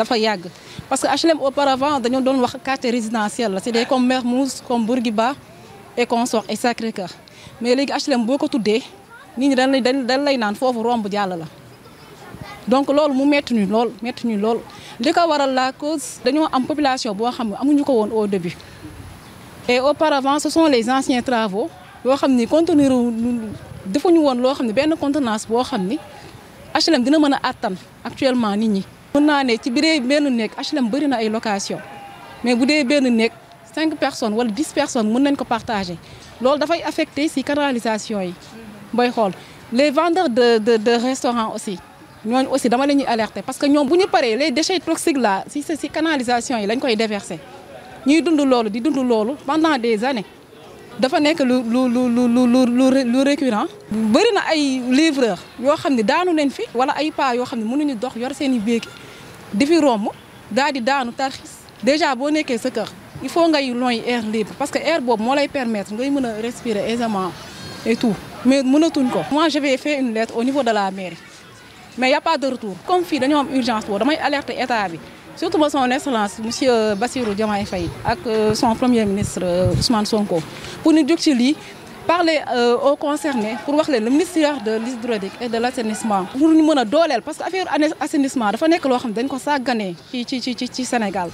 dafa yàgg parce que HLM auparavant dañoo doon wax quartier résidentiel la c'est des comme Mermoz comme Bourguiba et consort et Sacré-Cœur mais léegi HLM boo ko tuddee nit ñi dañ lay dañ lay naan foofu romb jàll la donc loolu mu métti ñu lool métti ñu lool li ko waral la cause dañoo am population boo xam ne amuñu ko woon au début et auparavant ce son les anciens travaux yoo xam ni contenir defuñu woon loo xam ne benn contenance boo xam ni HLM dina mën a àttan actuellement nit ñi mën naa ne ci biree benn néeg HLM bëri na ay location mais bu dee benn néeg cinq personnes wala dix personnes mun nañ ko partager loolu dafay affecté si canalisation yi booy xool les vendeurs de de de restaurants aussi ñooñu aussi dama la ñuy alerter parce que ñoom bu ñu paree les déchets toxiques la si si canalisation yi lañ koy déverser ñuy dund loolu di dundu loolu pendant des années dafa nekk lu lu lu lu lu lu lu récurrent. bëri na ay livreur yoo xam ne daanu leen fi wala ay paa yoo xam ne mënuñu dox yor seen i béeki di fi romb daal di daanu tarxis déjà boo nekkee sa kër il faut ngay loy air libre parce que air boobu moo lay permettre ngay mën a respirer aisément et tout mais mënatuñ ko. moi je vais une lettre au niveau de la mairie mais y de retour. comme fii dañoo am urgence boobu damay alerte état bi. surtout ba son excellence monsieur euh, Bassirou Diomaye Faye ak euh, son premier ministre euh, Ousmane Sonko pour ñu jóg ci lii parler aux concernés pour wax leen le ministère de l'hydraulique et de l'assainissement pour ñu mën a dooleel parce que affaire assainissement dafa nekk loo xam ne dañ ko sàgganee ci ci ci ci Sénégal